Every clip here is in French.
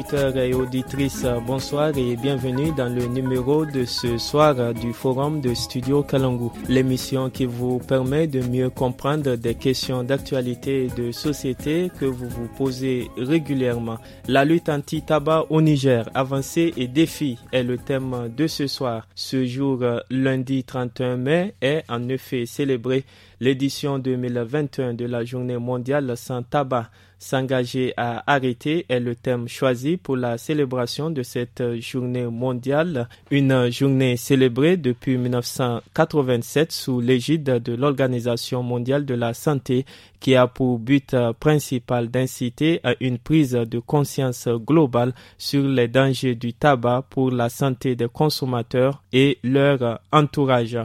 auditeurs et auditrices, bonsoir et bienvenue dans le numéro de ce soir du Forum de Studio Kalangu, l'émission qui vous permet de mieux comprendre des questions d'actualité et de société que vous vous posez régulièrement. La lutte anti-tabac au Niger, avancée et défi est le thème de ce soir. Ce jour, lundi 31 mai, est en effet célébré l'édition 2021 de la Journée mondiale sans tabac. S'engager à arrêter est le thème choisi pour la célébration de cette journée mondiale, une journée célébrée depuis 1987 sous l'égide de l'Organisation mondiale de la santé qui a pour but principal d'inciter à une prise de conscience globale sur les dangers du tabac pour la santé des consommateurs et leur entourage.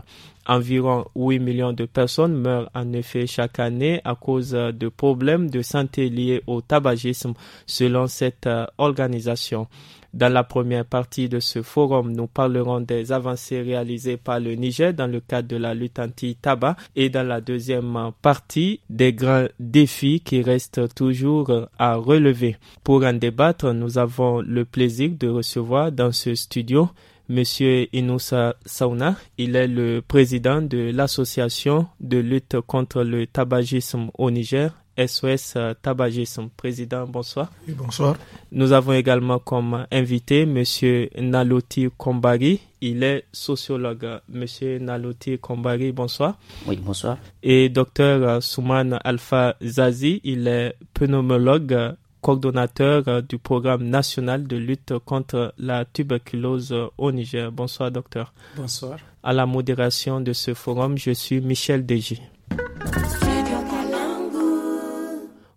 Environ 8 millions de personnes meurent en effet chaque année à cause euh, de problèmes de santé liés au tabagisme, selon cette euh, organisation. Dans la première partie de ce forum, nous parlerons des avancées réalisées par le Niger dans le cadre de la lutte anti-tabac et dans la deuxième partie, des grands défis qui restent toujours euh, à relever. Pour en débattre, nous avons le plaisir de recevoir dans ce studio Monsieur Inoussa Sauna. Il est le président de l'association de lutte contre le tabagisme au Niger, SOS euh, Tabagisme. Président, bonsoir. Et bonsoir. Nous avons également comme invité Monsieur Naloti Kombari. Il est sociologue. Monsieur Naloti Kombari, bonsoir. Oui, bonsoir. Et docteur euh, Souman Alpha Zazi, il est pneumologue coordonnateur euh, du programme national de lutte contre la tuberculose au Niger. Bonsoir, docteur. Bonsoir. À la modération de ce forum, je suis Michel Deji.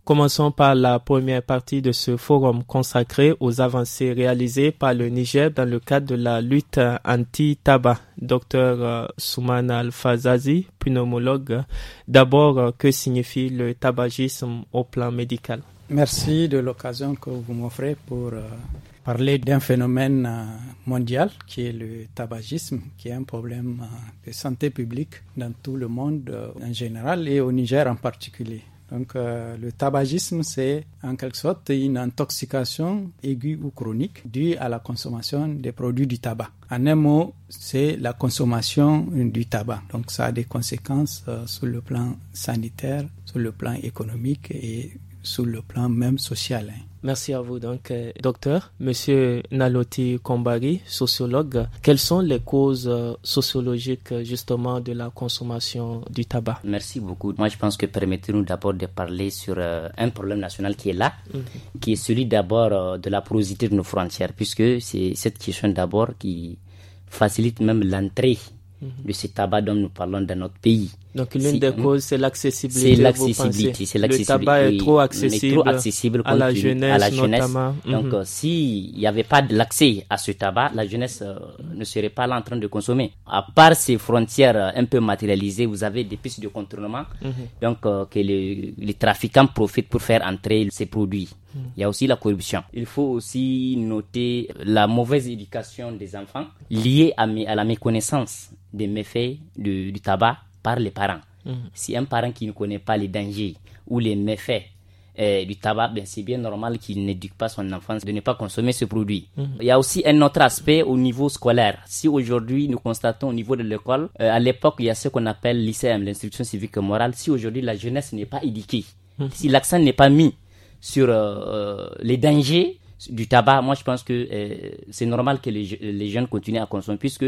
Commençons par la première partie de ce forum consacré aux avancées réalisées par le Niger dans le cadre de la lutte anti-tabac. Docteur euh, Souman Al-Fazazi, pneumologue, d'abord, euh, que signifie le tabagisme au plan médical Merci de l'occasion que vous m'offrez pour euh, parler d'un phénomène euh, mondial qui est le tabagisme, qui est un problème euh, de santé publique dans tout le monde en général et au Niger en particulier. Donc le tabagisme, c'est en quelque sorte une intoxication aiguë ou chronique due à la consommation des produits du tabac. En un mot, c'est la consommation du tabac. Donc ça a des conséquences sur le plan sanitaire, sur le plan économique et sur le plan même social. Hein. Merci à vous. Donc, euh, docteur, monsieur Naloti Kombari, sociologue, quelles sont les causes euh, sociologiques euh, justement de la consommation du tabac Merci beaucoup. Moi, je pense que permettez-nous d'abord de parler sur un problème national qui est là, mhm. qui est celui d'abord de la porosité de nos frontières, puisque c'est cette question d'abord qui facilite même l'entrée mhm. de ce tabac dont nous parlons dans notre pays. Donc l'une des mm. causes, c'est l'accessibilité. C'est l'accessibilité. C'est l'accessibilité. Le tabac est trop accessible, à, la jeunesse, Notamment. Donc mhm. euh, s'il n'y avait pas de l'accès à ce tabac, la jeunesse euh, ne serait pas là en train de consommer. À part ces frontières euh, un peu matérialisées, vous avez des pistes de contournement, mhm. donc que les, trafiquants profitent pour faire entrer ces produits. Mhm. Il y a aussi la corruption. Il faut aussi noter la mauvaise éducation des enfants liée à, à la méconnaissance des méfaits du tabac par les parents. Mhm. Si un parent qui ne connaît pas les dangers ou les méfaits euh, du tabac, ben c'est bien normal qu'il n'éduque pas son enfant de ne pas consommer ce produit. Mhm. Il y a aussi un autre aspect au niveau scolaire. Si aujourd'hui nous constatons au niveau de l'école, euh, à l'époque il y a ce qu'on appelle l'ICM, hein, l'instruction civique et morale. Si aujourd'hui la jeunesse n'est pas éduquée, mhm. si l'accent n'est pas mis sur euh, les dangers du tabac, moi je pense que c'est normal que les, jeunes continuent à consommer puisque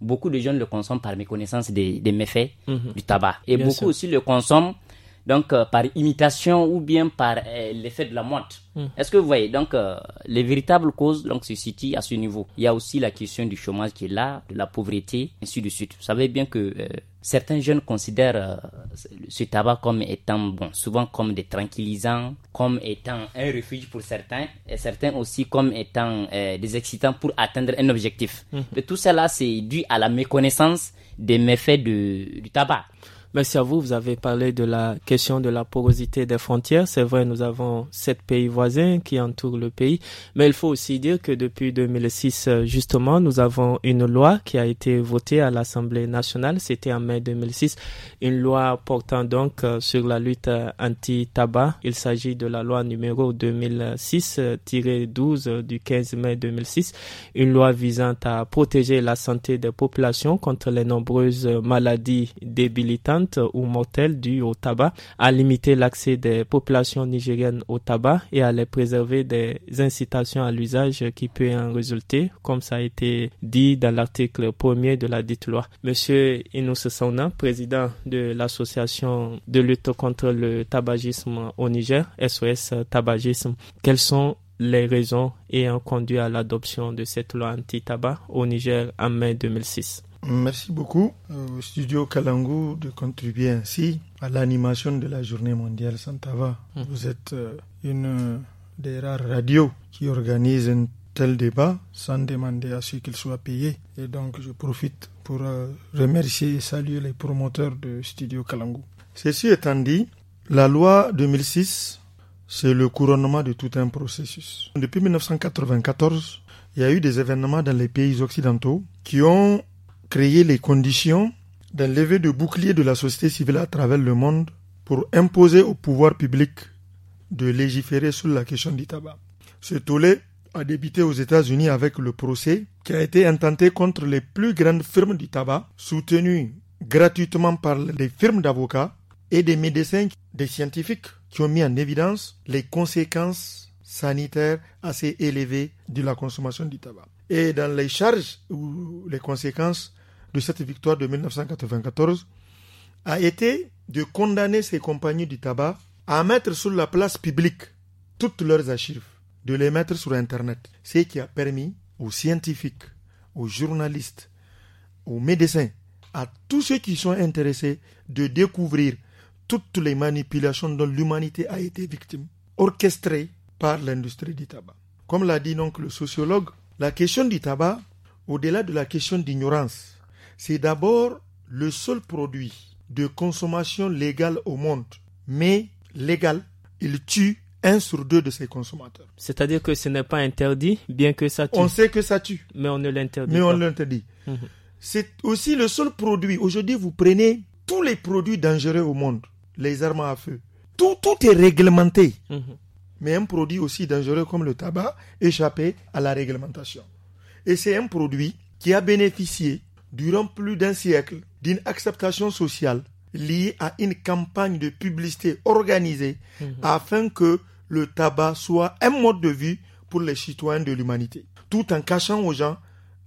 beaucoup de jeunes le consomment par méconnaissance des, méfaits mhm. du tabac. Et beaucoup aussi le consomment donc euh, par imitation ou bien par euh, l'effet de la montre. Hmm. Est-ce que vous voyez Donc, euh, les véritables causes donc, se situent à ce niveau. Il y a aussi la question du chômage qui est là, de la pauvreté, ainsi de suite. Vous savez bien que certains jeunes considèrent ce tabac comme étant, bon, souvent comme des tranquillisants, comme étant un refuge pour certains, et certains aussi comme étant des excitants pour atteindre un objectif. Hmm. Mais tout cela, c'est dû à la méconnaissance des méfaits du tabac. Merci à vous. Vous avez parlé de la question de la porosité des frontières. C'est vrai, nous avons sept pays voisins qui entourent le pays. Mais il faut aussi dire que depuis 2006, justement, nous avons une loi qui a été votée à l'Assemblée nationale. C'était en mai 2006. Une loi portant donc euh, sur la lutte euh, anti-tabac. Il s'agit de la loi numéro 2006-12 euh, du 15 mai 2006. Une loi visant à protéger la santé des populations contre les nombreuses maladies débilitantes ou mortelles dues au tabac, à limiter l'accès des populations nigériennes au tabac et à les préserver des incitations à l'usage qui peut en résulter, comme ça a été dit dans l'article premier de la dite loi. Monsieur Inous Sauna, président de l'association de lutte contre le tabagisme au Niger, SOS Tabagisme, quelles sont les raisons ayant conduit à l'adoption de cette loi anti-tabac au Niger en mai 2006. Merci beaucoup au euh, studio Kalangu de contribuer ainsi à l'animation de la journée mondiale Santava. Hmm. Vous êtes euh, une des rares radios qui organise un tel débat sans demander à ce qu'il soit payé. Et donc je profite pour euh, remercier et saluer les promoteurs de Studio Kalangu. Ceci étant dit, la loi 2006, c'est le couronnement de tout un processus. Depuis 1994, il y a eu des événements dans les pays occidentaux qui ont créer les conditions d'un lever de bouclier de la société civile à travers le monde pour imposer au pouvoir public de légiférer sur la question du tabac. Ce tollé a débuté aux États-Unis avec le procès qui a été intenté contre les plus grandes firmes du tabac, soutenues gratuitement par les firmes d'avocats et des médecins, des scientifiques qui ont mis en évidence les conséquences sanitaires assez élevées de la consommation du tabac. Et dans les charges ou les conséquences, de cette victoire de 1994 a été de condamner ces compagnies du tabac à mettre sur la place publique toutes leurs archives, de les mettre sur Internet, ce qui a permis aux scientifiques, aux journalistes, aux médecins, à tous ceux qui sont intéressés de découvrir toutes les manipulations dont l'humanité a été victime, orchestrées par l'industrie du tabac. Comme l'a dit donc le sociologue, la question du tabac, au-delà de la question d'ignorance, c'est d'abord le seul produit de consommation légale au monde, mais légal, il tue un sur deux de ses consommateurs. C'est-à-dire que ce n'est pas interdit, bien que ça tue. On sait que ça tue. Mais on ne l'interdit pas. Mais on l'interdit. Mhm. C'est aussi le seul produit. Aujourd'hui, vous prenez tous les produits dangereux au monde, les armes à feu. Tout, tout est réglementé. Mhm. Mais un produit aussi dangereux comme le tabac échappait à la réglementation. Et c'est un produit qui a bénéficié durant plus d'un siècle d'une acceptation sociale liée à une campagne de publicité organisée mhm. afin que le tabac soit un mode de vie pour les citoyens de l'humanité, tout en cachant aux gens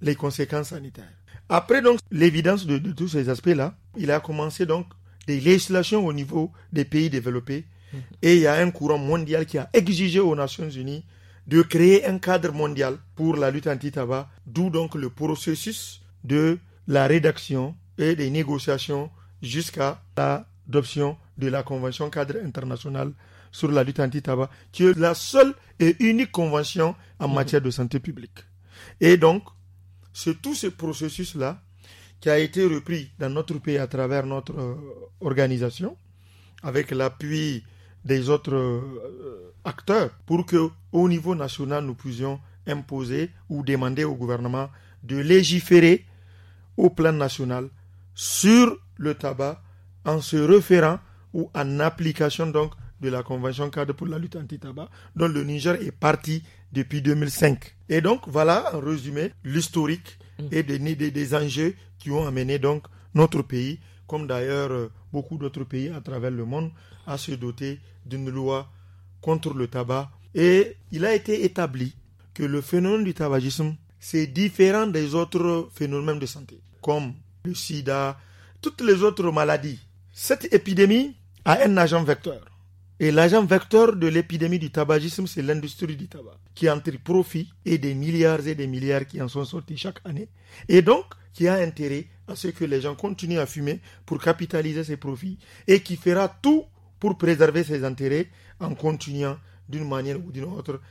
les conséquences sanitaires. Après donc l'évidence de, tous ces aspects-là, il a commencé donc des législations au niveau des pays développés mhm. et il y a un courant mondial qui a exigé aux Nations Unies de créer un cadre mondial pour la lutte anti-tabac, d'où donc le processus de la rédaction et les négociations jusqu'à l'adoption de la Convention cadre internationale sur la lutte anti-tabac, qui est la seule et unique convention en mhm. matière de santé publique. Et donc, c'est tout ce processus-là qui a été repris dans notre pays à travers notre euh, organisation, avec l'appui des autres euh, acteurs, pour que au niveau national, nous puissions imposer ou demander au gouvernement de légiférer au plan national sur le tabac en se référant ou en application donc de la Convention cadre pour la lutte anti-tabac dont le Niger est parti depuis 2005. Et donc voilà en résumé l'historique mm. et des, des, des, enjeux qui ont amené donc notre pays, comme d'ailleurs euh, beaucoup d'autres pays à travers le monde, à se doter d'une loi contre le tabac. Et il a été établi que le phénomène du tabagisme c'est différent des autres phénomènes de santé, comme le sida, toutes les autres maladies. Cette épidémie a un agent vecteur. Et l'agent vecteur de l'épidémie du tabagisme, c'est l'industrie du tabac, qui en tire profit et des milliards et des milliards qui en sont sortis chaque année. Et donc, qui a intérêt à ce que les gens continuent à fumer pour capitaliser ses profits et qui fera tout pour préserver ses intérêts en continuant d'une manière ou d'une autre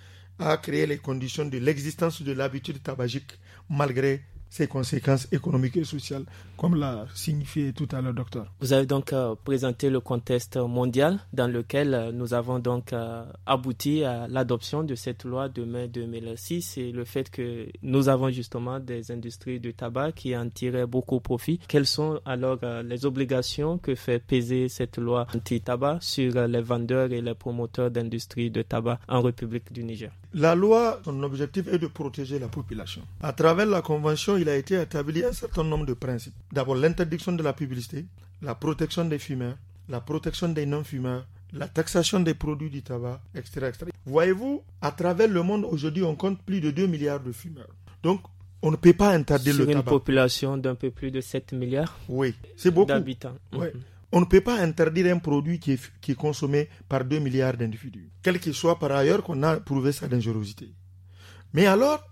a créer les conditions de l'existence de l'habitude tabagique malgré ses conséquences économiques et sociales, comme l'a signifié tout à l'heure docteur. Vous avez donc euh, présenté le contexte mondial dans lequel euh, nous avons donc euh, abouti à l'adoption de cette loi de mai 2006 et le fait que nous avons justement des industries de tabac qui en tiraient beaucoup profit. Quelles sont alors les obligations que fait peser cette loi anti-tabac sur les vendeurs et les promoteurs d'industries de tabac en République du Niger La loi, son objectif est de protéger la population. À travers la convention il a été établi un certain nombre de principes. D'abord, l'interdiction de la publicité, la protection des fumeurs, la protection des non-fumeurs, la taxation des produits du tabac, etc. Voyez-vous, à travers le monde, aujourd'hui, on compte plus de 2 milliards de fumeurs. Donc, on ne peut pas interdire le tabac. Sur une population d'un peu plus de 7 milliards oui, c'est beaucoup. d'habitants. Oui. Mhm. On ne peut pas interdire un produit qui est, qui est consommé par 2 milliards d'individus, quel qu'il soit par ailleurs qu'on a prouvé sa dangerosité. Mais alors,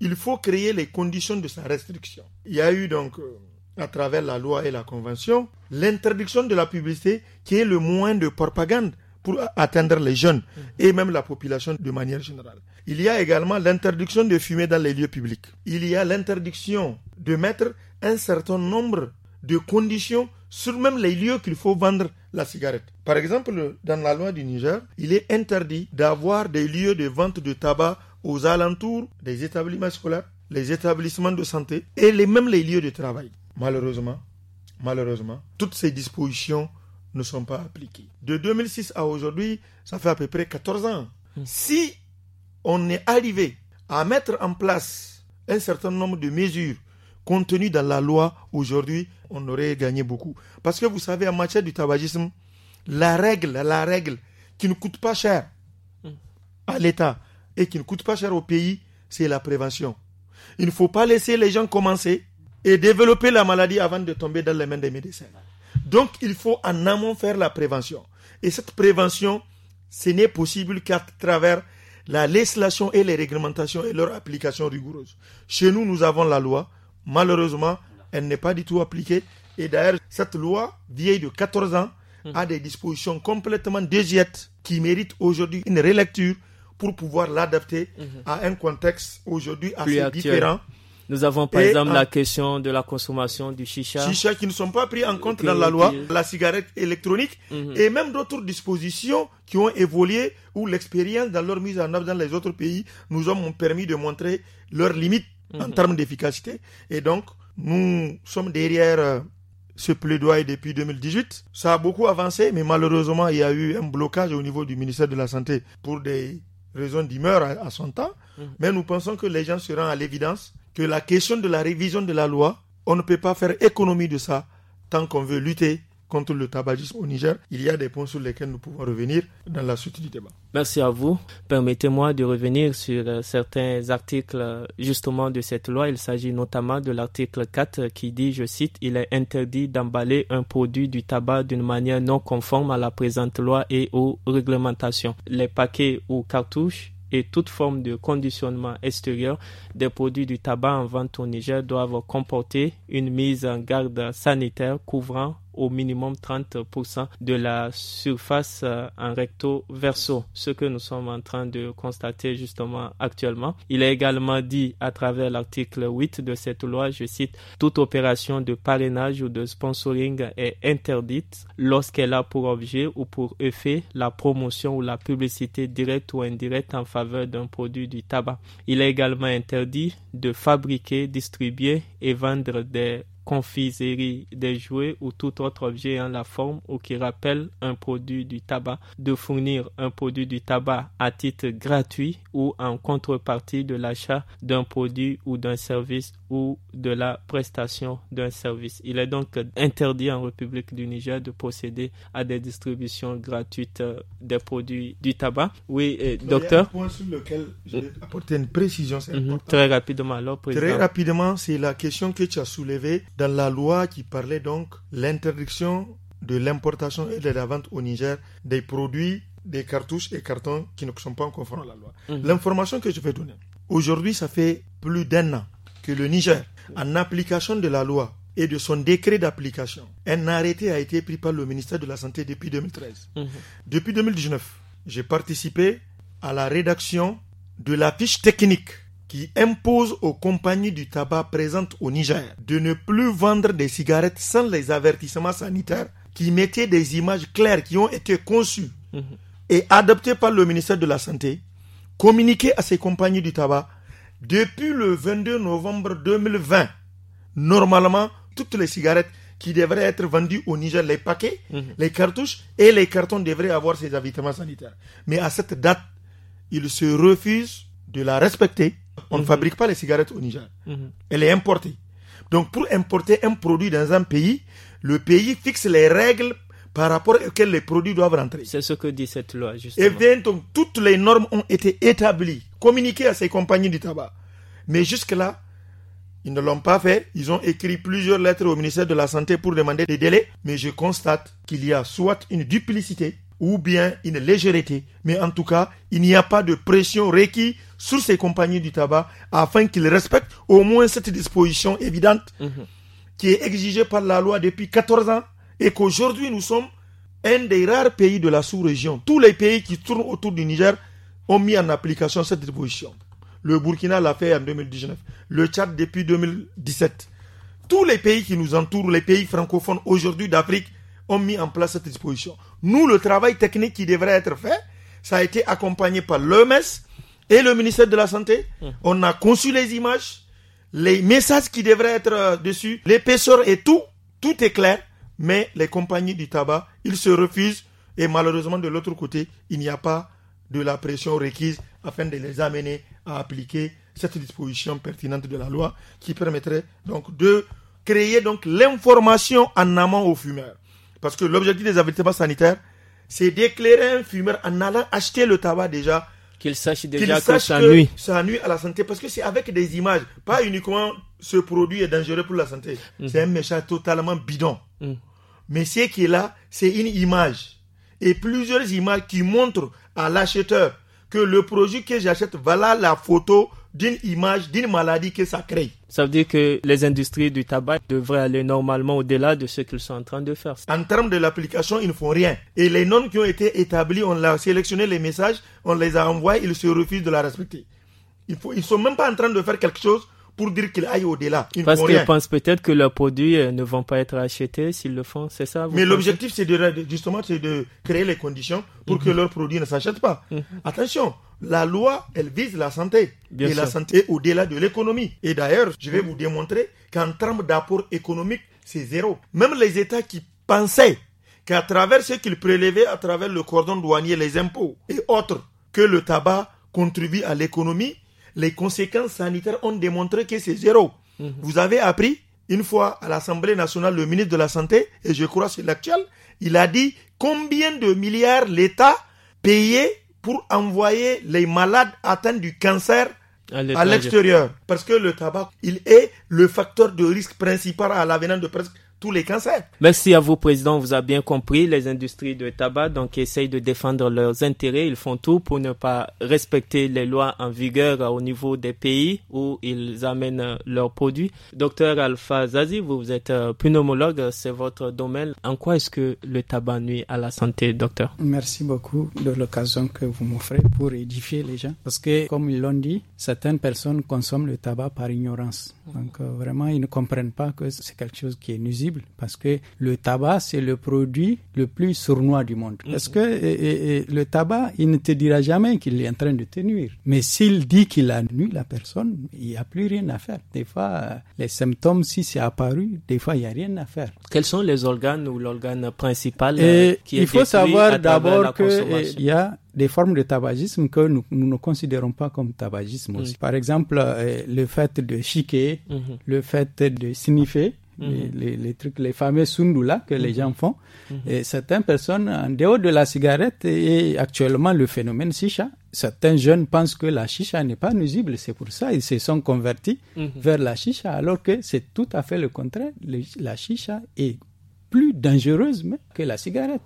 il faut créer les conditions de sa restriction. Il y a eu donc, euh, à travers la loi et la convention, l'interdiction de la publicité qui est le moyen de propagande pour atteindre les jeunes mm. et même la population de manière générale. Il y a également l'interdiction de fumer dans les lieux publics. Il y a l'interdiction de mettre un certain nombre de conditions sur même les lieux qu'il faut vendre la cigarette. Par exemple, dans la loi du Niger, il est interdit d'avoir des lieux de vente de tabac aux alentours des établissements scolaires, les établissements de santé et les, même les lieux de travail. Malheureusement, malheureusement, toutes ces dispositions ne sont pas appliquées. De 2006 à aujourd'hui, ça fait à peu près 14 ans. Hmm. Si on est arrivé à mettre en place un certain nombre de mesures contenues dans la loi aujourd'hui, on aurait gagné beaucoup. Parce que vous savez, en matière du tabagisme, la règle, la règle qui ne coûte pas cher hmm. à l'État, et qui ne coûte pas cher au pays, c'est la prévention. Il ne faut pas laisser les gens commencer et développer la maladie avant de tomber dans les mains des médecins. Donc, il faut en amont faire la prévention. Et cette prévention, ce n'est possible qu'à travers la législation et les réglementations et leur application rigoureuse. Chez nous, nous avons la loi. Malheureusement, elle n'est pas du tout appliquée. Et d'ailleurs, cette loi, vieille de 14 ans, a des dispositions complètement désuètes qui méritent aujourd'hui une relecture pour pouvoir l'adapter mhm. à un contexte aujourd'hui assez différent. Nous avons par exemple la question de la consommation du chicha. Chicha qui ne sont pas pris en euh, compte dans la loi, la cigarette électronique mhm. et même d'autres dispositions qui ont évolué ou l'expérience dans leur mise en œuvre dans les autres pays nous ont permis de montrer leurs limites en mhm. termes d'efficacité. Et donc, nous sommes derrière euh, ce plaidoyer depuis 2018. Ça a beaucoup avancé, mais malheureusement, il y a eu un blocage au niveau du ministère de la Santé pour des raison d'humeur à, son temps, mm. mais nous pensons que les gens seront à l'évidence que la question de la révision de la loi, on ne peut pas faire économie de ça tant qu'on veut lutter contre le tabagisme au Niger. Il y a des points sur lesquels nous pouvons revenir dans la suite du débat. Merci à vous. Permettez-moi de revenir sur euh, certains articles euh, justement de cette loi. Il s'agit notamment de l'article 4 qui dit, je cite, il est interdit d'emballer un produit du tabac d'une manière non conforme à la présente loi et aux réglementations. Les paquets ou cartouches et toute forme de conditionnement extérieur des produits du tabac en vente au Niger doivent comporter une mise en garde sanitaire couvrant au minimum 30% de la surface euh, en recto verso, ce que nous sommes en train de constater justement actuellement. Il est également dit à travers l'article 8 de cette loi, je cite, toute opération de parrainage ou de sponsoring est interdite lorsqu'elle a pour objet ou pour effet la promotion ou la publicité directe ou indirecte en faveur d'un produit du tabac. Il est également interdit de fabriquer, distribuer et vendre des confiserie, des jouets ou tout autre objet en la forme ou qui rappelle un produit du tabac, de fournir un produit du tabac à titre gratuit ou en contrepartie de l'achat d'un produit ou d'un service ou de la prestation d'un service. Il est donc interdit en République du Niger de procéder à des distributions gratuites euh, des produits du tabac. Oui, euh, docteur. un point sur lequel je vais euh, apporter une précision. Mhm, très rapidement, alors, président. Très rapidement, c'est la question que tu as soulevée dans la loi qui parlait donc l'interdiction de l'importation et de la vente au Niger des produits, des cartouches et cartons qui ne sont pas en conformité à la loi. Mhm. L'information que je vais donner, aujourd'hui ça fait plus d'un an que le Niger, en application de la loi et de son décret d'application, un arrêté a été pris par le ministère de la Santé depuis 2013. Mhm. Depuis 2019, j'ai participé à la rédaction de la fiche technique qui impose aux compagnies du tabac présentes au Niger de ne plus vendre des cigarettes sans les avertissements sanitaires qui mettaient des images claires qui ont été conçues mhm. et adoptées par le ministère de la Santé, communiquées à ces compagnies du tabac depuis le 22 novembre 2020. Normalement, toutes les cigarettes qui devraient être vendues au Niger, les paquets, mhm. les cartouches et les cartons devraient avoir ces avertissements sanitaires. Mais à cette date, ils se refusent de la respecter on ne mhm. fabrique pas les cigarettes au Niger. Mhm. Elle est importée. Donc pour importer un produit dans un pays, le pays fixe les règles par rapport auxquelles les produits doivent rentrer. C'est ce que dit cette loi, justement. Et eh bien, donc, toutes les normes ont été établies, communiquées à ces compagnies du tabac. Mais jusque-là, ils ne l'ont pas fait. Ils ont écrit plusieurs lettres au ministère de la Santé pour demander des délais. Mais je constate qu'il y a soit une duplicité ou bien une légèreté. Mais en tout cas, il n'y a pas de pression requise sur ces compagnies du tabac afin qu'ils respectent au moins cette disposition évidente mhm. qui est exigée par la loi depuis 14 ans et qu'aujourd'hui nous sommes un des rares pays de la sous-région. Tous les pays qui tournent autour du Niger ont mis en application cette disposition. Le Burkina l'a fait en 2019, le Tchad depuis 2017. Tous les pays qui nous entourent, les pays francophones aujourd'hui d'Afrique, ont mis en place cette disposition. Nous, le travail technique qui devrait être fait, ça a été accompagné par l'OMS et le ministère de la Santé. Mmh. On a conçu les images, les messages qui devraient être euh, dessus, l'épaisseur et tout. Tout est clair, mais les compagnies du tabac, ils se refusent. Et malheureusement, de l'autre côté, il n'y a pas de la pression requise afin de les amener à appliquer cette disposition pertinente de la loi qui permettrait donc de créer donc l'information en amont aux fumeurs. Parce que l'objectif des avertissements sanitaires, c'est d'éclairer un fumeur en allant acheter le tabac déjà. Qu'il sache déjà que, ça nuit. Ça nuit à la santé. Parce que c'est avec des images. Pas uniquement ce produit est dangereux pour la santé. Mm. C'est un méchant totalement bidon. Mm. Mais ce qui est là, c'est une image. Et plusieurs images qui montrent à l'acheteur que le produit que j'achète, voilà la photo d'une image, d'une maladie que ça crée. Ça veut dire que les industries du tabac devraient aller normalement au-delà de ce qu'ils sont en train de faire. En termes de l'application, ils ne font rien. Et les normes qui ont été établies, on a sélectionné les messages, on les a envoyés, ils se refusent de la respecter. ils ne sont même pas en train de faire quelque chose pour dire qu'ils aillent au-delà. Parce qu'ils pensent peut-être que leurs produits euh, ne vont pas être achetés s'ils le font, c'est ça Mais l'objectif, c'est de, justement de créer les conditions pour mhm. que leurs produits ne s'achètent pas. Mhm. Attention, la loi, elle vise la santé. et la santé au-delà de l'économie. Et d'ailleurs, je vais vous démontrer qu'en termes d'apport économique, c'est zéro. Même les États qui pensaient qu'à travers ce qu'ils prélevaient, à travers le cordon douanier, les impôts et autres, que le tabac contribue à l'économie, les conséquences sanitaires ont démontré que c'est zéro. Mhm. Vous avez appris une fois à l'Assemblée nationale, le ministre de la Santé, et je crois c'est l'actuel, il a dit combien de milliards l'État payait pour envoyer les malades atteints du cancer à l'extérieur. Parce que le tabac, il est le facteur de risque principal à l'avenir de presque tous les cancers. Merci à vous, Président. vous avez bien compris. Les industries de tabac donc, essayent de défendre leurs intérêts. Ils font tout pour ne pas respecter les lois en vigueur au niveau des pays où ils amènent leurs produits. Docteur Alpha Zazi, vous êtes euh, pneumologue. C'est votre domaine. En quoi est-ce que le tabac nuit à la santé, docteur Merci beaucoup de l'occasion que vous m'offrez pour édifier les gens. Parce que, comme ils l'ont dit, certaines personnes consomment le tabac par ignorance. Donc, euh, vraiment, ils ne comprennent pas que c'est quelque chose qui est nuisible parce que le tabac, c'est le produit le plus sournois du monde. Mm-hmm. Parce que le tabac, il ne te dira jamais qu'il est en train de te nuire. Mais s'il dit qu'il a nui la personne, il n'y a plus rien à faire. Des fois, euh, les symptômes, si c'est apparu, des fois, il n'y a rien à faire. Quels sont les organes ou l'organe principal euh, qui est Il faut savoir d'abord qu'il y a des formes de tabagisme que nous, ne considérons pas comme tabagisme aussi. Mm. Par exemple, euh, le fait de chiquer, mm-hmm. le fait de sniffer, Mhm. les, trucs, les fameux sundula que les mhm. gens font. Mhm. Et certaines personnes, en dehors de la cigarette, et actuellement le phénomène chicha, certains jeunes pensent que la chicha n'est pas nuisible, c'est pour ça ils se sont convertis vers la chicha, alors que c'est tout à fait le contraire. la chicha est plus dangereuse que la cigarette.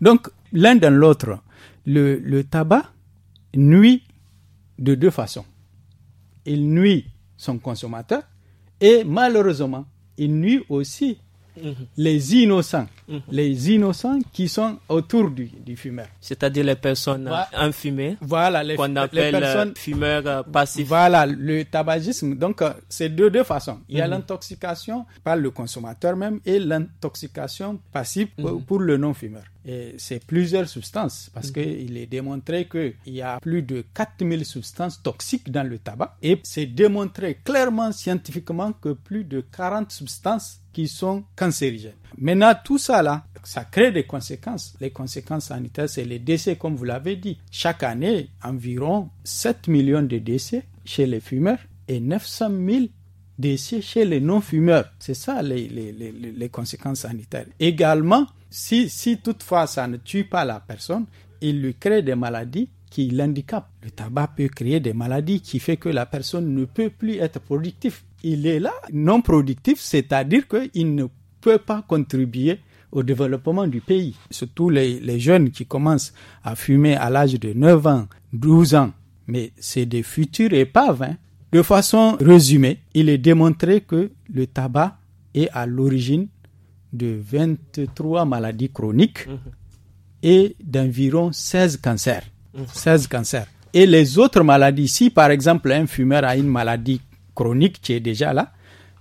Donc, l'un dans l'autre, le, tabac nuit de deux façons. Il nuit son consommateur et malheureusement, il nuit aussi mhm. les innocents. Mhm. les innocents qui sont autour du, fumeur. C'est-à-dire les personnes infumées. Voilà, les, qu'on appelle les euh, personnes, fumeurs euh, passifs. Voilà, le tabagisme. Donc, euh, c'est de deux façons. Il y a mhm. l'intoxication par le consommateur même et l'intoxication passive pour, mhm. le non-fumeur Et c'est plusieurs substances parce que qu'il est démontré qu'il y a plus de 4000 substances toxiques dans le tabac et c'est démontré clairement scientifiquement que plus de 40 substances qui sont cancérigènes. Maintenant, tout ça là, ça crée des conséquences. Les conséquences sanitaires, c'est les décès, comme vous l'avez dit. Chaque année, environ 7 millions de décès chez les fumeurs et 900 000 décès chez les non-fumeurs. C'est ça les, les, les, conséquences sanitaires. Également, si, si toutefois ça ne tue pas la personne, il lui crée des maladies qui l'handicapent. Le tabac peut créer des maladies qui fait que la personne ne peut plus être productive. Il est là non productif, c'est-à-dire qu'il ne peut pas contribuer au développement du pays. Surtout les, jeunes qui commencent à fumer à l'âge de 9 ans, 12 ans. Mais c'est des futurs épaves. Hein. De façon résumée, il est démontré que le tabac est à l'origine de 23 maladies chroniques mmh. et d'environ 16 cancers. 16 mmh. cancers. Et les autres maladies, si par exemple un fumeur a une maladie chronique qui est déjà là,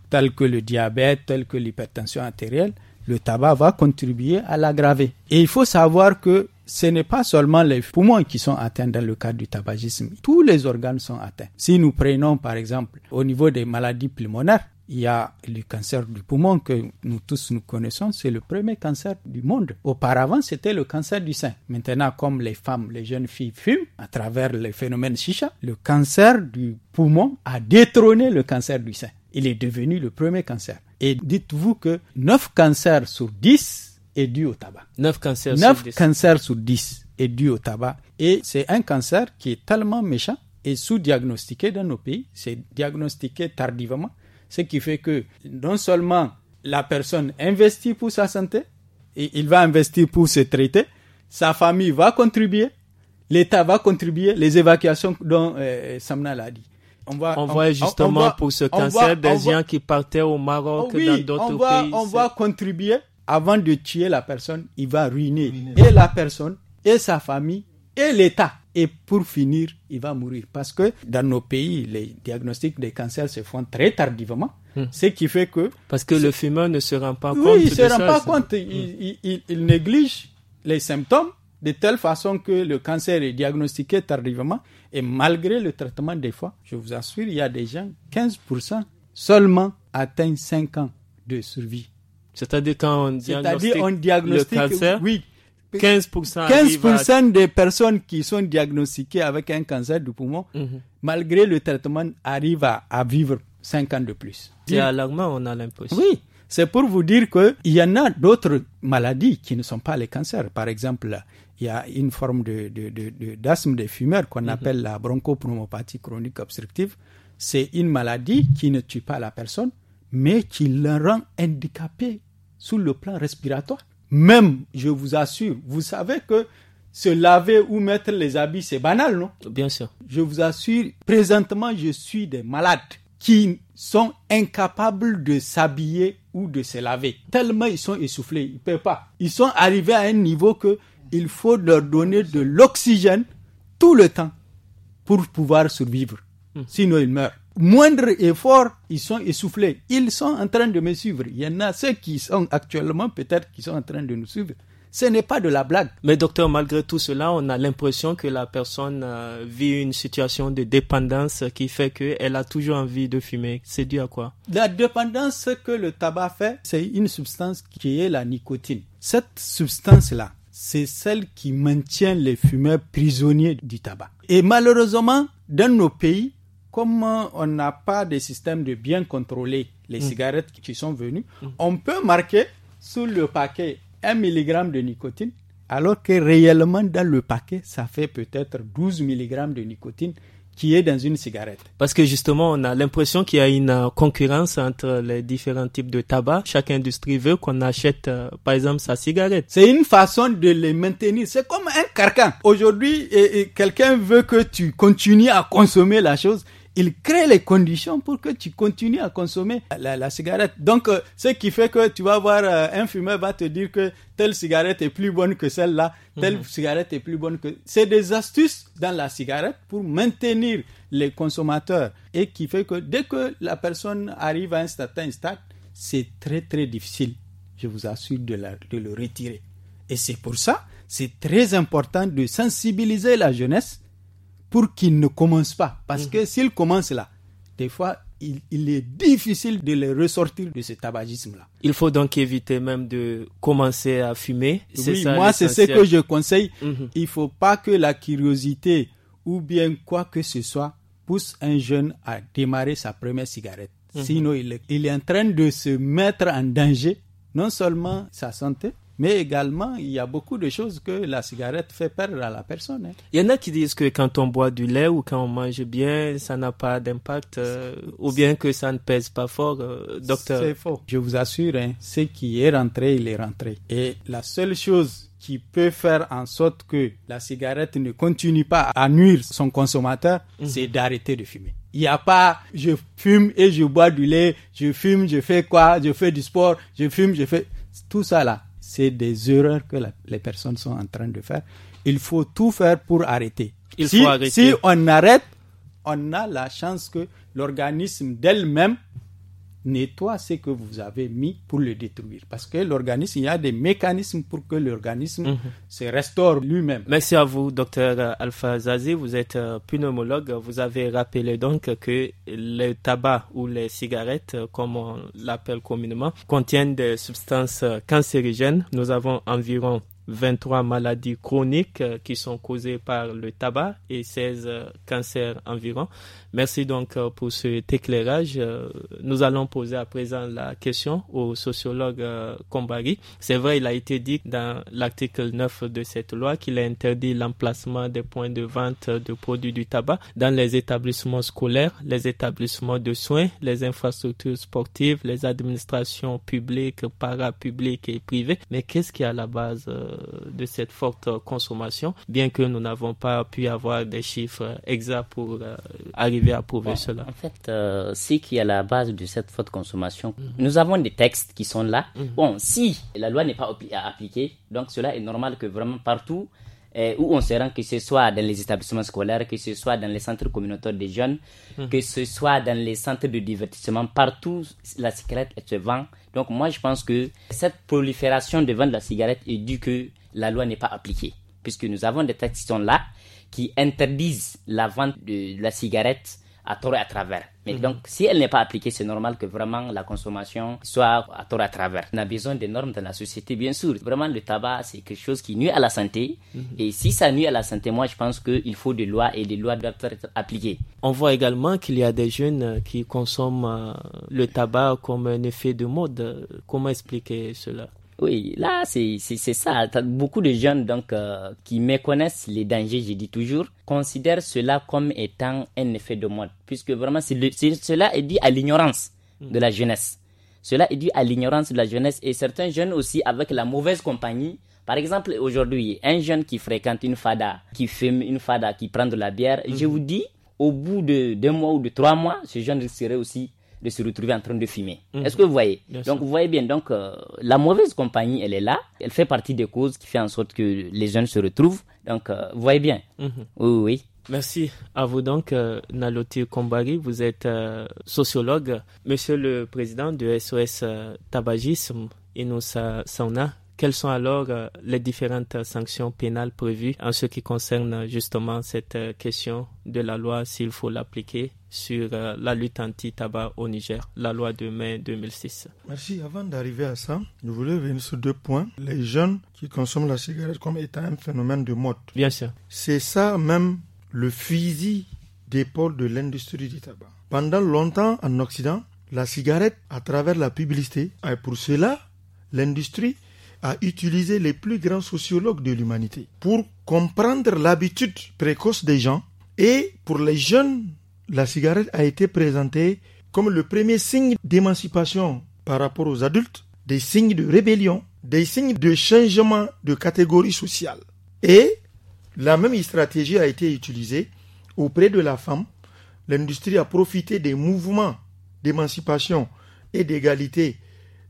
telle que le diabète, telle que l'hypertension artérielle, le tabac va contribuer à l'aggraver. Et il faut savoir que ce n'est pas seulement les poumons qui sont atteints dans le cas du tabagisme. Tous les organes sont atteints. Si nous prenons par exemple au niveau des maladies pulmonaires, il y a le cancer du poumon que nous tous nous connaissons, c'est le premier cancer du monde. Auparavant, c'était le cancer du sein. Maintenant, comme les femmes, les jeunes filles fument à travers le phénomène chicha, le cancer du poumon a détrôné le cancer du sein. Il est devenu le premier cancer. Et dites-vous que 9 cancers sur 10 est dû au tabac. 9 cancers sur 10. est dû au tabac. Et c'est un cancer qui est tellement méchant et sous-diagnostiqué dans nos pays. C'est diagnostiqué tardivement. Ce qui fait que non seulement la personne investit pour sa santé, et il va investir pour se traiter, sa famille va contribuer, l'État va contribuer, les évacuations dont euh, Samna l'a dit on va, voit justement pour ce cancer des gens qui partaient au Maroc, oh dans d'autres pays. On va contribuer avant de tuer la personne, il va ruiner, et la personne, et sa famille, et l'État. Et pour finir, il va mourir. Parce que dans nos pays, les diagnostics des cancers se font très tardivement. Hmm. Ce qui fait que. Parce que le fumeur ne se rend pas compte. Oui, il ne se rend pas compte. Hmm. il néglige les symptômes de telle façon que le cancer est diagnostiqué tardivement et malgré le traitement des fois, je vous assure, il y a des gens, 15% seulement atteignent 5 ans de survie. C'est-à-dire quand on diagnostique, le cancer, oui, 15%, 15 des personnes qui sont diagnostiquées avec un cancer du poumon, mhm. malgré le traitement, arrivent à, vivre 5 ans de plus. C'est on a l'impression. Oui, c'est pour vous dire qu'il y en a d'autres maladies qui ne sont pas les cancers. Par exemple, il y a une forme d'asthme de, de, des fumeurs qu'on mhm. appelle la bronchopneumopathie chronique obstructive. C'est une maladie qui ne tue pas la personne, mais qui la rend handicapée sur le plan respiratoire. Même, je vous assure, vous savez que se laver ou mettre les habits, c'est banal, non Bien sûr. Je vous assure, présentement, je suis des malades qui sont incapables de s'habiller ou de se laver. Tellement ils sont essoufflés, ils ne peuvent pas. Ils sont arrivés à un niveau que il faut leur donner de l'oxygène tout le temps pour pouvoir survivre. Hmm. Sinon, ils meurent. Moindre effort, ils sont essoufflés. Ils sont en train de me suivre. Il y en a ceux qui sont actuellement, peut-être, qui sont en train de nous suivre. Ce n'est pas de la blague. Mais docteur, malgré tout cela, on a l'impression que la personne euh, vit une situation de dépendance qui fait qu'elle a toujours envie de fumer. C'est dû à quoi La dépendance que le tabac fait, c'est une substance qui est la nicotine. Cette substance-là, c'est celle qui maintient les fumeurs prisonniers du tabac. Et malheureusement, dans nos pays, comme on n'a pas de système de bien contrôler les mm. cigarettes qui sont venues, mm. on peut marquer sous le paquet 1 mg de nicotine, alors que réellement dans le paquet, ça fait peut-être 12 mg de nicotine qui est dans une cigarette. Parce que justement, on a l'impression qu'il y a une euh, concurrence entre les différents types de tabac. Chaque industrie veut qu'on achète, euh, par exemple, sa cigarette. C'est une façon de les maintenir. C'est comme un carcan. Aujourd'hui, quelqu'un veut que tu continues à consommer la chose il crée les conditions pour que tu continues à consommer la, cigarette. Donc, euh, ce qui fait que tu vas voir euh, un fumeur va te dire que telle cigarette est plus bonne que celle-là, telle mhm. cigarette est plus bonne que... C'est des astuces dans la cigarette pour maintenir les consommateurs et qui fait que dès que la personne arrive à un certain stade, c'est très très difficile, je vous assure, de, de le retirer. Et c'est pour ça, c'est très important de sensibiliser la jeunesse pour qu'il ne commence pas. Parce mhm. que s'il commence là, des fois, il, est difficile de les ressortir de ce tabagisme-là. Il faut donc éviter même de commencer à fumer. Oui, moi, c'est ce que je conseille. Mhm. Il ne faut pas que la curiosité ou bien quoi que ce soit pousse un jeune à démarrer sa première cigarette. Mhm. Sinon, il est en train de se mettre en danger, non seulement sa santé, mais également, il y a beaucoup de choses que la cigarette fait perdre à la personne. Hein. Il y en a qui disent que quand on boit du lait ou quand on mange bien, ça n'a pas d'impact euh, ou bien que ça ne pèse pas fort, euh, docteur. C'est faux. Je vous assure, hein, ce qui est rentré, il est rentré. Et la seule chose qui peut faire en sorte que la cigarette ne continue pas à nuire son consommateur, mhm. c'est d'arrêter de fumer. Il n'y a pas je fume et je bois du lait, je fume, je fais quoi, je fais du sport, je fume, je fais tout ça là c'est des erreurs que les personnes sont en train de faire. Il faut tout faire pour arrêter. arrêter. Si on arrête, on a la chance que l'organisme d'elle-même nettoie ce que vous avez mis pour le détruire. Parce que l'organisme, il y a des mécanismes pour que l'organisme mhm. se restaure lui-même. Merci à vous, docteur Alpha Zazi. Vous êtes euh, pneumologue. Vous avez rappelé donc que le tabac ou les cigarettes, euh, comme on l'appelle communément, contiennent des substances euh, cancérigènes. Nous avons environ 23 maladies chroniques qui sont causées par le tabac et 16 cancers environ. Merci donc euh, pour cet éclairage. Euh, nous allons poser à présent la question au sociologue euh, Combari. C'est vrai, il a été dit dans l'article 9 de cette loi qu'il a interdit l'emplacement des points de vente de produits du tabac dans les établissements scolaires, les établissements de soins, les infrastructures sportives, les administrations publiques, parapubliques et privées. Mais qu'est-ce qui est à la base de cette forte consommation, bien que nous n'avons pas pu avoir des chiffres exacts pour arriver à prouver cela En fait, c'est euh, ce qui est à la base de cette faute consommation, nous avons des textes qui sont là. Mhm. Bon, si la loi n'est pas appliquée, donc cela est normal que vraiment partout eh, où on se rend, que ce soit dans les établissements scolaires, que ce soit dans les centres communautaires des jeunes, mhm. que ce soit dans les centres de divertissement, partout la cigarette se vend. Donc moi je pense que cette prolifération de vente de la cigarette est due que la loi n'est pas appliquée, puisque nous avons des textes qui sont là, qui interdisent la vente de la cigarette à tort et à travers. Mais mhm. donc, si elle n'est pas appliquée, c'est normal que vraiment la consommation soit à tort et à travers. On a besoin des normes dans la société, bien sûr. Vraiment, le tabac, c'est quelque chose qui nuit à la santé. Mhm. Et si ça nuit à la santé, moi, je pense qu'il faut des lois et des lois doivent être appliquées. On voit également qu'il y a des jeunes euh, qui consomment euh, le tabac comme un effet de mode. Comment expliquer cela oui, là, c'est ça. Beaucoup de jeunes donc, euh, qui méconnaissent les dangers, je dis toujours, considèrent cela comme étant un effet de mode, puisque vraiment, cela est dû à l'ignorance hmm. de la jeunesse. Cela est dû à l'ignorance de la jeunesse et certains jeunes aussi avec la mauvaise compagnie. Par exemple, aujourd'hui, un jeune qui fréquente une fada, qui fume une fada, qui prend de la bière, je hmm. vous dis, au bout de deux mois ou de trois mois, ce jeune risquerait aussi de se retrouver en train de fumer. Mhm. Est-ce que vous voyez Donc vous voyez bien, donc euh, la mauvaise compagnie, elle est là. Elle fait partie des causes qui fait en sorte que les jeunes se retrouvent. Donc euh, vous voyez bien. Mhm. Oui, oui. Merci à vous donc, euh, Naloti Kombari. Vous êtes sociologue. Monsieur le Président de SOS Tabagisme, Inoussa Sauna, quelles sont alors les différentes sanctions pénales prévues en ce qui concerne justement cette question de la loi, s'il faut l'appliquer sur euh, la lutte anti-tabac au Niger, la loi de mai 2006. Merci. Avant d'arriver à ça, je voulais revenir sur deux points. Les jeunes qui consomment la cigarette comme étant un phénomène de mode. Bien sûr. C'est ça même le fusil d'épaule de l'industrie du tabac. Pendant longtemps en Occident, la cigarette, à travers la publicité, et pour cela, l'industrie a utilisé les plus grands sociologues de l'humanité pour comprendre l'habitude précoce des gens et pour les jeunes la cigarette a été présentée comme le premier signe d'émancipation par rapport aux adultes, des signes de rébellion, des signes de changement de catégorie sociale. Et la même stratégie a été utilisée auprès de la femme. L'industrie a profité des mouvements d'émancipation et d'égalité,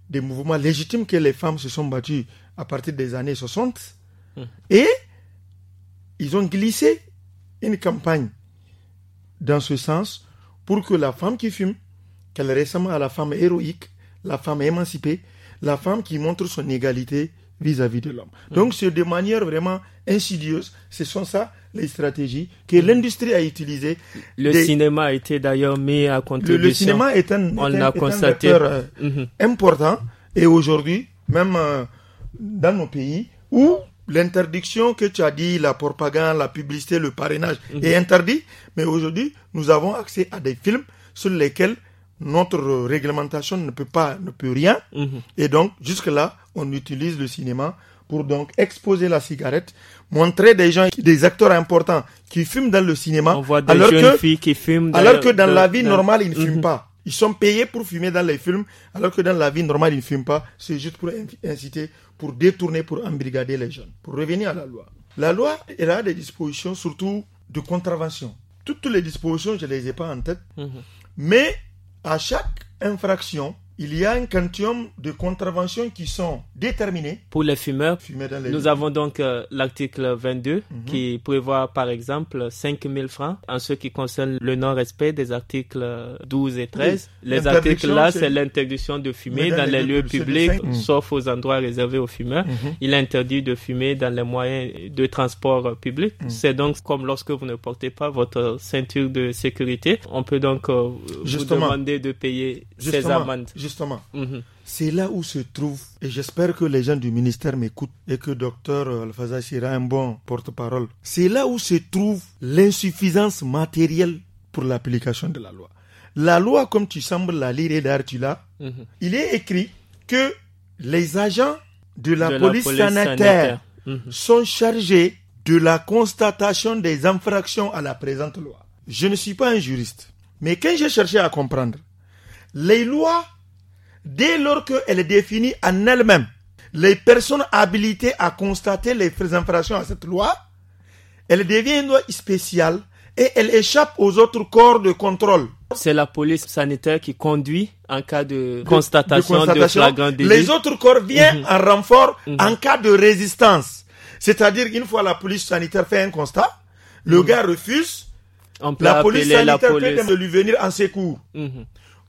des mouvements légitimes que les femmes se sont battues à partir des années 60. Hum. Et ils ont glissé une campagne dans ce sens pour que la femme qui fume, qu'elle ressemble à la femme héroïque, la femme émancipée, la femme qui montre son égalité vis-à-vis de l'homme. Mm. Donc c'est de manière vraiment insidieuse. Ce sont ça les stratégies que l'industrie a utilisées. Le cinéma a été d'ailleurs mis à contribution. Le, cinéma est un, On constaté. acteur, mm-hmm. important et aujourd'hui, même euh, dans nos pays où l'interdiction que tu as dit, la propagande, la publicité, le parrainage mhm. est interdit, mais aujourd'hui, nous avons accès à des films sur lesquels notre réglementation ne peut pas, ne peut rien. Mhm. Et donc, jusque-là, on utilise le cinéma pour donc exposer la cigarette, montrer des gens, des acteurs importants qui fument dans le cinéma. alors que, qui Dans alors que dans la vie normale, ils ne fument mhm. pas. Ils sont payés pour fumer dans les films, alors que dans la vie normale, ils ne fument pas. C'est juste pour inciter, pour détourner, pour embrigader les jeunes. Pour revenir à la loi. La loi, elle a des dispositions, surtout de contravention. Toutes les dispositions, je ne les ai pas en tête. Mm-hmm. Mais à chaque infraction, il y a un quantum de contraventions qui sont déterminées. Pour les fumeurs, nous avons donc euh, l'article 22 mhm. qui prévoit par exemple 5 000 francs en ce qui concerne le non-respect des articles 12 et 13. Les articles là, c'est l'interdiction de fumer dans, les, lieux publics, mhm. sauf aux endroits réservés aux fumeurs. Mhm. Il interdit de fumer dans les moyens de transport euh, public. C'est donc comme lorsque vous ne portez pas votre ceinture de sécurité. On peut donc euh, vous demander de payer ces amendes justement. Mhm. C'est là où se trouve, et j'espère que les gens du ministère m'écoutent et que docteur euh, Alfaza sera un bon porte-parole, c'est là où se trouve l'insuffisance matérielle pour l'application de la loi. La loi, comme tu sembles la lire et tu mhm. il est écrit que les agents de la, police, sanitaire, mhm. sont chargés de la constatation des infractions à la présente loi. Je ne suis pas un juriste, mais quand j'ai cherché à comprendre, les lois dès lors qu'elle est définie en elle-même, les personnes habilitées à constater les infractions à cette loi, elle devient une loi spéciale et elle échappe aux autres corps de contrôle. C'est la police sanitaire qui conduit en cas de, constatation, de, flagrant délit. Les autres corps viennent mhm. en renfort en mhm. cas de résistance. C'est-à-dire qu'une fois la police sanitaire fait un constat, le mhm. gars refuse, la police sanitaire la de lui venir en secours.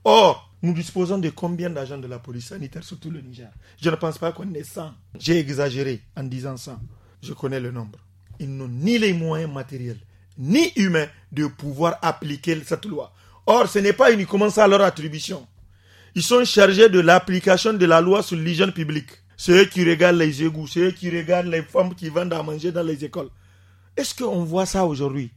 Or, nous disposons de combien d'agents de la police sanitaire sur tout le Niger Je ne pense pas qu'on ait 100. J'ai exagéré en disant 100. Je connais le nombre. Ils n'ont ni les moyens matériels, ni humains de pouvoir appliquer cette loi. Or, ce n'est pas uniquement ça leur attribution. Ils sont chargés de l'application de la loi sur l'hygiène publique. Ceux qui regardent les égouts, ceux qui regardent les femmes qui vendent à manger dans les écoles. Est-ce qu'on voit ça aujourd'hui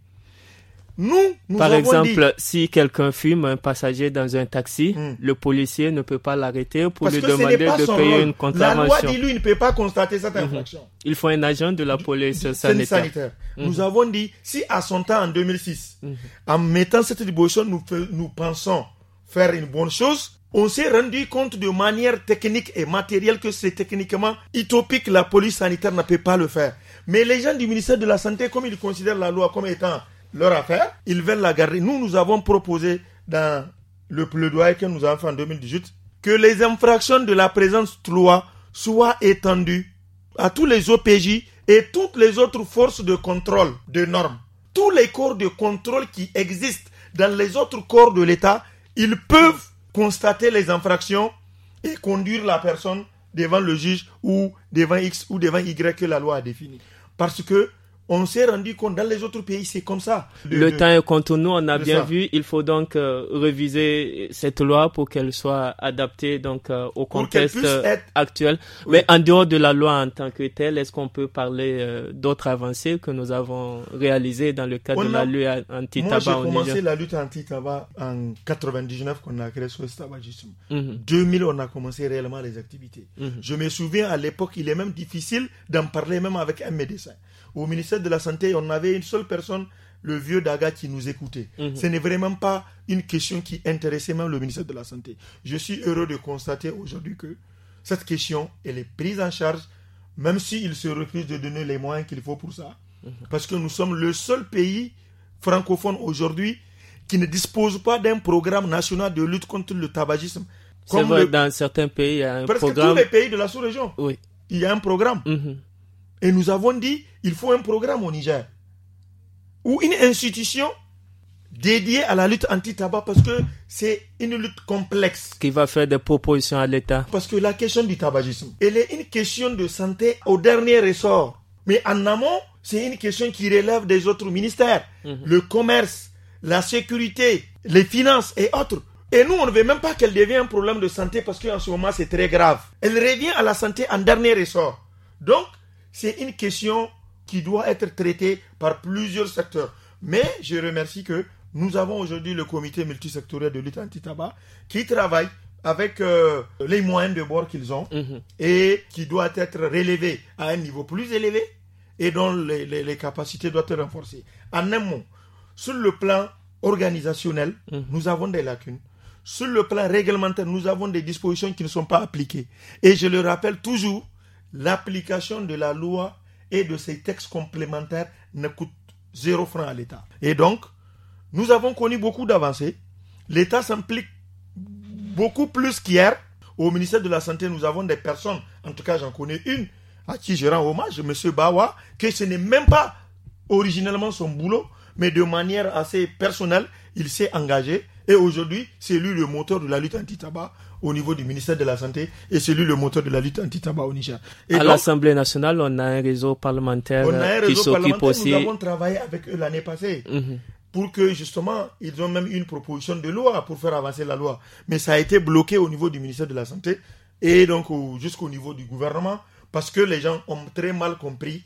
nous, nous Par exemple, si quelqu'un fume un passager dans un taxi, hmm. le policier ne peut pas l'arrêter pour lui demander de payer une contravention. La loi dit lui, ne peut pas constater cette mhm. infraction. Il faut un agent de la police sanitaire. Mhm. Nous avons dit, si à son temps, en 2006, mhm. en mettant cette disposition, nous, nous pensons faire une bonne chose, on s'est rendu compte de manière technique et matérielle que c'est techniquement utopique, la police sanitaire ne peut pas le faire. Mais les gens du ministère de la Santé, comme ils considèrent la loi comme étant leur affaire, ils veulent la garder. Nous, nous avons proposé dans le plaidoyer que nous avons fait en 2018 que les infractions de la présence loi soient étendues à tous les OPJ et toutes les autres forces de contrôle de normes. Tous les corps de contrôle qui existent dans les autres corps de l'État, ils peuvent constater les infractions et conduire la personne devant le juge ou devant X ou devant Y que la loi a défini. Parce que on s'est rendu compte dans les autres pays, c'est comme ça. Le, temps est contre nous, on a bien vu. Il faut donc euh, réviser cette loi pour qu'elle soit adaptée donc euh, au contexte actuel. Mais en dehors de la loi en tant que telle, est-ce qu'on peut parler euh, d'autres avancées que nous avons réalisées dans le cadre de la lutte anti-tabac Moi, j'ai commencé la lutte anti-tabac en 99 qu'on a créé sur le tabagisme. 2000, mhm. on a commencé réellement les activités. Mhm. Je me souviens à l'époque, il est même difficile d'en parler même avec un médecin au ministère de la Santé, on avait une seule personne, le vieux Daga, qui nous écoutait. Mhm. Ce n'est vraiment pas une question qui intéressait même le ministère de la Santé. Je suis heureux de constater aujourd'hui que cette question, elle est prise en charge, même s'il se refuse de donner les moyens qu'il faut pour ça. Mhm. Parce que nous sommes le seul pays francophone aujourd'hui qui ne dispose pas d'un programme national de lutte contre le tabagisme. Comme dans certains pays, il y a un Presque tous les pays de la sous-région, oui. il y a un programme. Mhm. Et nous avons dit, il faut un programme au Niger ou une institution dédiée à la lutte anti-tabac parce que c'est une lutte complexe. Qui va faire des propositions à l'État Parce que la question du tabagisme, elle est une question de santé au dernier ressort. Mais en amont, c'est une question qui relève des autres ministères. Mhm. Le commerce, la sécurité, les finances et autres. Et nous, on ne veut même pas qu'elle devienne un problème de santé parce qu'en ce moment, c'est très grave. Elle revient à la santé en dernier ressort. Donc, c'est une question qui doit être traitée par plusieurs secteurs. Mais je remercie que nous avons aujourd'hui le comité multisectoriel de lutte anti-tabac qui travaille avec euh, les moyens de bord qu'ils ont mhm. et qui doit être relevé à un niveau plus élevé et dont les, capacités doivent être renforcées. En un mot, sur le plan organisationnel, mhm. nous avons des lacunes. Sur le plan réglementaire, nous avons des dispositions qui ne sont pas appliquées. Et je le rappelle toujours, l'application de la loi et de ses textes complémentaires ne coûte zéro franc à l'État. Et donc, nous avons connu beaucoup d'avancées. L'État s'implique beaucoup plus qu'hier. Au ministère de la Santé, nous avons des personnes, en tout cas j'en connais une, à qui je rends hommage, M. Bawa, que ce n'est même pas originellement son boulot, mais de manière assez personnelle, il s'est engagé et aujourd'hui, c'est lui le moteur de la lutte anti-tabac au niveau du ministère de la Santé et c'est lui le moteur de la lutte anti-tabac au Niger. Et à l'Assemblée nationale, on a un réseau parlementaire on a un réseau qui Nous avons travaillé avec eux l'année passée. Mhm. Pour que justement, ils ont même une proposition de loi pour faire avancer la loi. Mais ça a été bloqué au niveau du ministère de la Santé et donc jusqu'au niveau du gouvernement parce que les gens ont très mal compris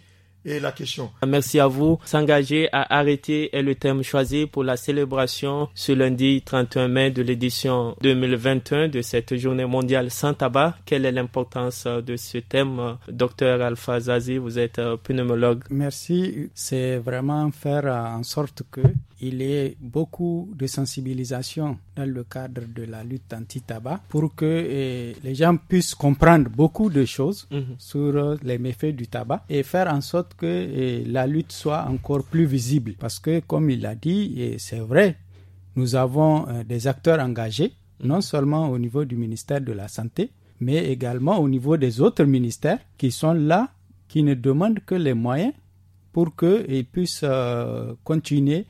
la question. Merci à vous. S'engager à arrêter est le thème choisi pour la célébration ce lundi 31 mai de l'édition 2021 de cette journée mondiale sans tabac. Quelle est l'importance de ce thème Docteur Alpha Zazi, vous êtes pneumologue. Merci. C'est vraiment faire en sorte que il y ait beaucoup de sensibilisation dans le cadre de la lutte anti-tabac pour que eh, les gens puissent comprendre beaucoup de choses mhm. sur euh, les méfaits du tabac et faire en sorte que eh, la lutte soit encore plus visible. Parce que, comme il l'a dit, et eh, c'est vrai, nous avons euh, des acteurs engagés, non seulement au niveau du ministère de la Santé, mais également au niveau des autres ministères qui sont là, qui ne demandent que les moyens pour qu'ils puissent euh, continuer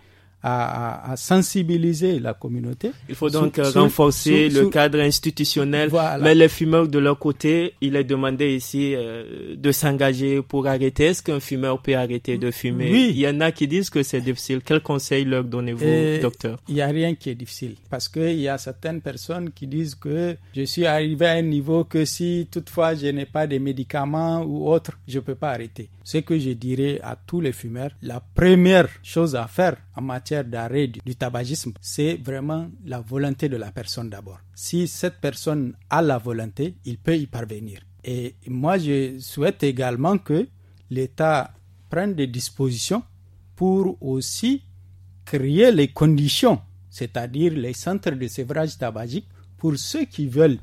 à, sensibiliser la communauté. Il faut donc euh, renforcer le cadre institutionnel. Mais les fumeurs, de leur côté, il est demandé ici euh, de s'engager pour arrêter. Est-ce qu'un fumeur peut arrêter de fumer oui. Il y en a qui disent que c'est difficile. Quel conseil leur donnez-vous, docteur Il n'y a rien qui est difficile. Parce qu'il y a certaines personnes qui disent que je suis arrivé à un niveau que si toutefois je n'ai pas des médicaments ou autre, je ne peux pas arrêter. Ce que je dirais à tous les fumeurs, la première chose à faire, en matière d'arrêt du, tabagisme, c'est vraiment la volonté de la personne d'abord. Si cette personne a la volonté, il peut y parvenir. Et moi, je souhaite également que l'État prenne des dispositions pour aussi créer les conditions, c'est-à-dire les centres de sévrage tabagique, pour ceux qui veulent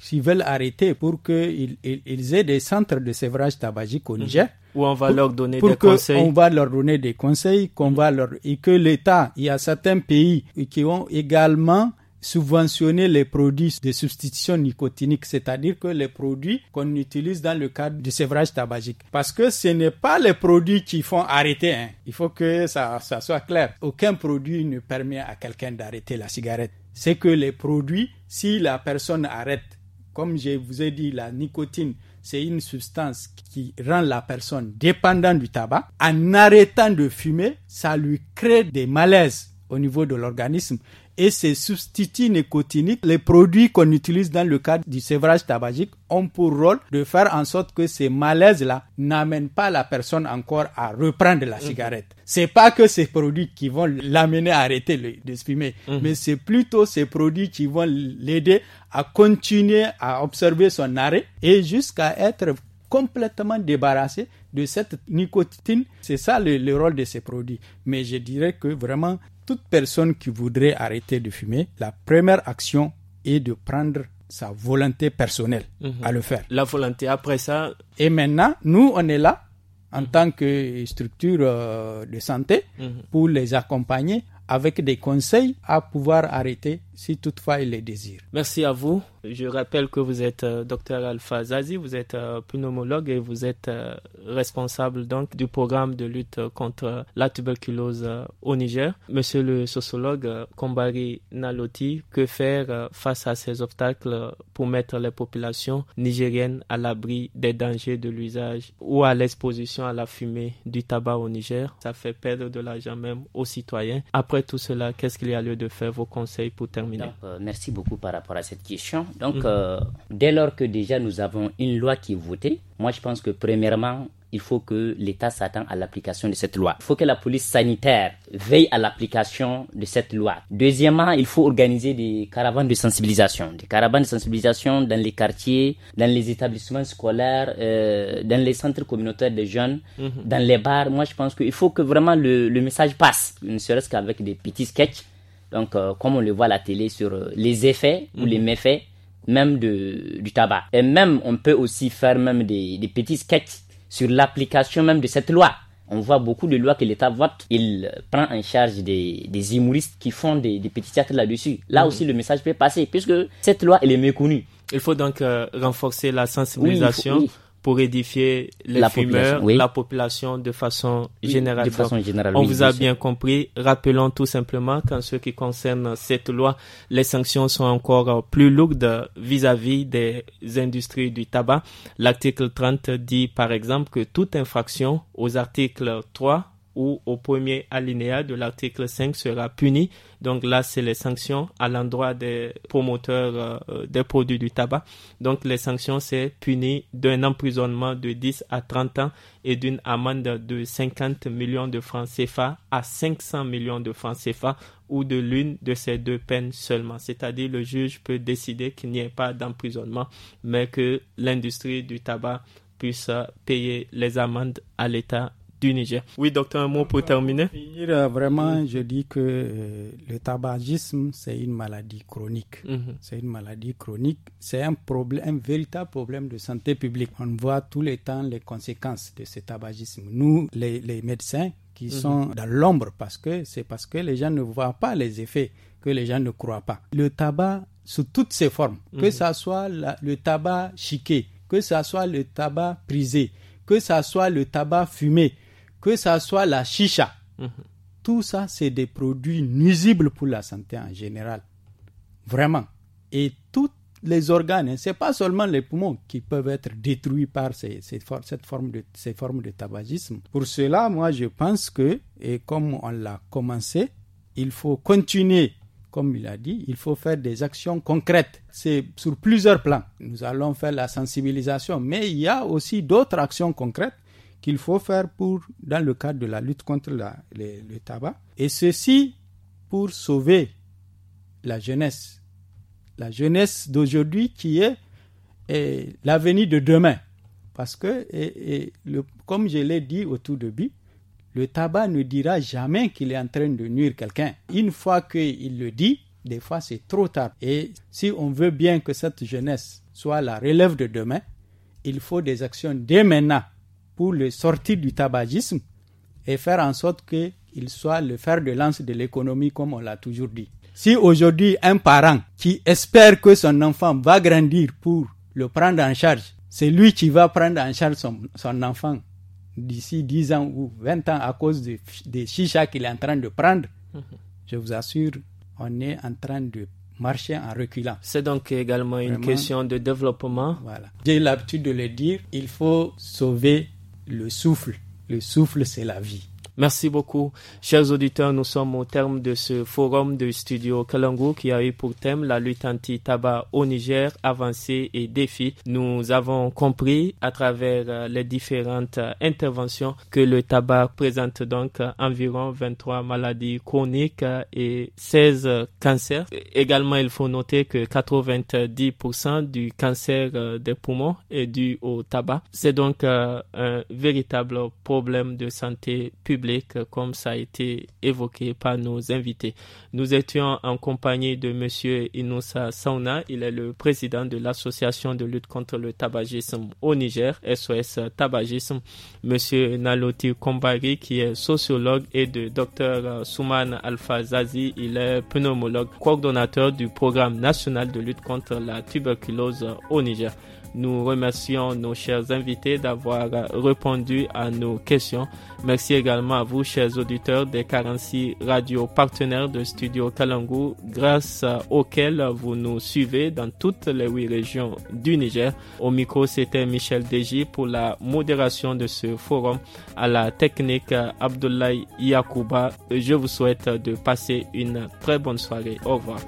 s'ils veulent arrêter pour qu'ils ils, ils aient des centres de sévrage tabagique au mhm. Niger. Où on va leur donner des que conseils. On va leur donner des conseils, qu'on va leur, et que l'État, il y a certains pays qui ont également subventionné les produits de substitution nicotinique, c'est-à-dire que les produits qu'on utilise dans le cadre du sévrage tabagique. Parce que ce n'est pas les produits qui font arrêter. Hein. Il faut que ça, ça soit clair. Aucun produit ne permet à quelqu'un d'arrêter la cigarette. C'est que les produits, si la personne arrête, comme je vous ai dit, la nicotine, c'est une substance qui rend la personne dépendante du tabac. En arrêtant de fumer, ça lui crée des malaises au niveau de l'organisme et ces substituts nicotiniques, les produits qu'on utilise dans le cadre du sévrage tabagique ont pour rôle de faire en sorte que ces malaises-là n'amènent pas la personne encore à reprendre la cigarette. Ce mhm. C'est pas que ces produits qui vont l'amener à arrêter de fumer, mhm. mais c'est plutôt ces produits qui vont l'aider à continuer à observer son arrêt et jusqu'à être complètement débarrassé de cette nicotine. C'est ça le, rôle de ces produits. Mais je dirais que vraiment, toute personne qui voudrait arrêter de fumer, la première action est de prendre sa volonté personnelle mhm. à le faire. La volonté, après ça. Et maintenant, nous, on est là en mhm. tant que structure euh, de santé mhm. pour les accompagner avec des conseils à pouvoir arrêter si toutefois il les désire. Merci à vous. Je rappelle que vous êtes euh, docteur Alpha Zazi, vous êtes euh, pneumologue et vous êtes euh, responsable donc du programme de lutte contre la tuberculose au Niger. Monsieur le sociologue Kombari Naloti, que faire face à ces obstacles pour mettre les populations nigériennes à l'abri des dangers de l'usage ou à l'exposition à la fumée du tabac au Niger Ça fait perdre de l'argent même aux citoyens. Après tout cela, qu'est-ce qu'il y a lieu de faire Vos conseils pour terminer euh, merci beaucoup par rapport à cette question. Donc, mhm. euh, dès lors que déjà nous avons une loi qui est votée, moi je pense que premièrement, il faut que l'État s'attend à l'application de cette loi. Il faut que la police sanitaire veille à l'application de cette loi. Deuxièmement, il faut organiser des caravanes de sensibilisation. Des caravanes de sensibilisation dans les quartiers, dans les établissements scolaires, euh, dans les centres communautaires des jeunes, mhm. dans les bars. Moi, je pense qu'il faut que vraiment le, le message passe, ne serait-ce qu'avec des petits sketchs donc, euh, comme on le voit à la télé sur euh, les effets ou les mhm. méfaits même de, du tabac. Et même, on peut aussi faire même des, des petits sketchs sur l'application même de cette loi. On voit beaucoup de lois que l'État vote. Il euh, prend en charge des, des humoristes qui font des, petits théâtres là-dessus. Là, mhm. aussi, le message peut passer, puisque cette loi, elle est méconnue. Il faut donc renforcer la sensibilisation pour édifier les la fumeurs, population, la population de façon générale. on vous a bien compris. Rappelons tout simplement qu'en ce qui concerne cette loi, les sanctions sont encore plus lourdes vis à -vis des industries du tabac. L'article 30 dit par exemple que toute infraction aux articles 3, ou au premier alinéa de l'article 5 sera puni. Donc là, c'est les sanctions à l'endroit des promoteurs euh, euh, des produits du tabac. Donc les sanctions, c'est puni d'un emprisonnement de 10 à 30 ans et d'une amende de 50 millions de francs CFA à 500 millions de francs CFA ou de l'une de ces deux peines seulement. C'est-à-dire le juge peut décider qu'il n'y ait pas d'emprisonnement, mais que l'industrie du tabac puisse payer les amendes à l'État du Niger. Oui, docteur, un mot pour terminer. Euh, vraiment, mm. je dis que euh, le tabagisme, c'est une maladie chronique. Mm-hmm. C'est une maladie chronique. C'est un problème, véritable problème de santé publique. On voit tous les temps les conséquences de ce tabagisme. Nous, les, les médecins, qui mm-hmm. sont dans l'ombre parce que c'est parce que les gens ne voient pas les effets que les gens ne croient pas. Le tabac sous toutes ses formes, que ce mm-hmm. soit le tabac chiqué, que ce soit le tabac prisé, que ce soit le tabac fumé, que ça soit la chicha. Mhm. Tout ça, c'est des produits nuisibles pour la santé en général. Vraiment. Et tous les organes, hein, ce n'est pas seulement les poumons qui peuvent être détruits par cette forme de, ces formes de tabagisme. Pour cela, moi, je pense que, et comme on l'a commencé, il faut continuer comme il a dit, il faut faire des actions concrètes. C'est sur plusieurs plans. Nous allons faire la sensibilisation, mais il y a aussi d'autres actions concrètes qu'il faut faire pour, dans le cadre de la lutte contre le, tabac. Et ceci pour sauver la jeunesse. La jeunesse d'aujourd'hui qui est, l'avenir de demain. Parce que, comme je l'ai dit au tout début, le tabac ne dira jamais qu'il est en train de nuire quelqu'un. Une fois qu'il le dit, des fois c'est trop tard. Et si on veut bien que cette jeunesse soit la relève de demain, il faut des actions dès maintenant pour le sortir du tabagisme et faire en sorte qu'il soit le fer de lance de l'économie, comme on l'a toujours dit. Si aujourd'hui un parent qui espère que son enfant va grandir pour le prendre en charge, c'est lui qui va prendre en charge son, enfant d'ici 10 ans ou 20 ans à cause des, chichas qu'il est en train de prendre, je vous assure, on est en train de marcher en reculant. C'est donc également une question de développement. J'ai l'habitude de le dire, il faut sauver le souffle. Le souffle, c'est la vie. Merci beaucoup. Chers auditeurs, nous sommes au terme de ce forum de studio Kalangu qui a eu pour thème la lutte anti-tabac au Niger, avancées et défi. Nous avons compris à travers euh, les différentes euh, interventions que le tabac présente donc euh, environ 23 maladies chroniques et 16 cancers. Également, il faut noter que 90% du cancer des poumons est dû au tabac. C'est donc un véritable problème de santé publique comme ça a été évoqué par nos invités. Nous étions en compagnie de M. Inoussa Sauna. Il est le président de l'association de lutte contre le tabagisme au Niger, SOS Tabagisme. M. Naloti Kombari, qui est sociologue, et de Dr. Souman Al-Fazazi, Il est pneumologue, coordonnateur du programme national de lutte contre la tuberculose au Niger. Nous remercions nos chers invités d'avoir euh, répondu à nos questions. Merci également à vous, chers auditeurs des 46 radios partenaires de Studio Kalangu, grâce euh, auxquels vous nous suivez dans toutes les huit régions du Niger. Au micro, c'était Michel Deji pour la modération de ce forum. À la technique, Abdoulaye Yakouba. Je vous souhaite de passer une très bonne soirée. Au revoir.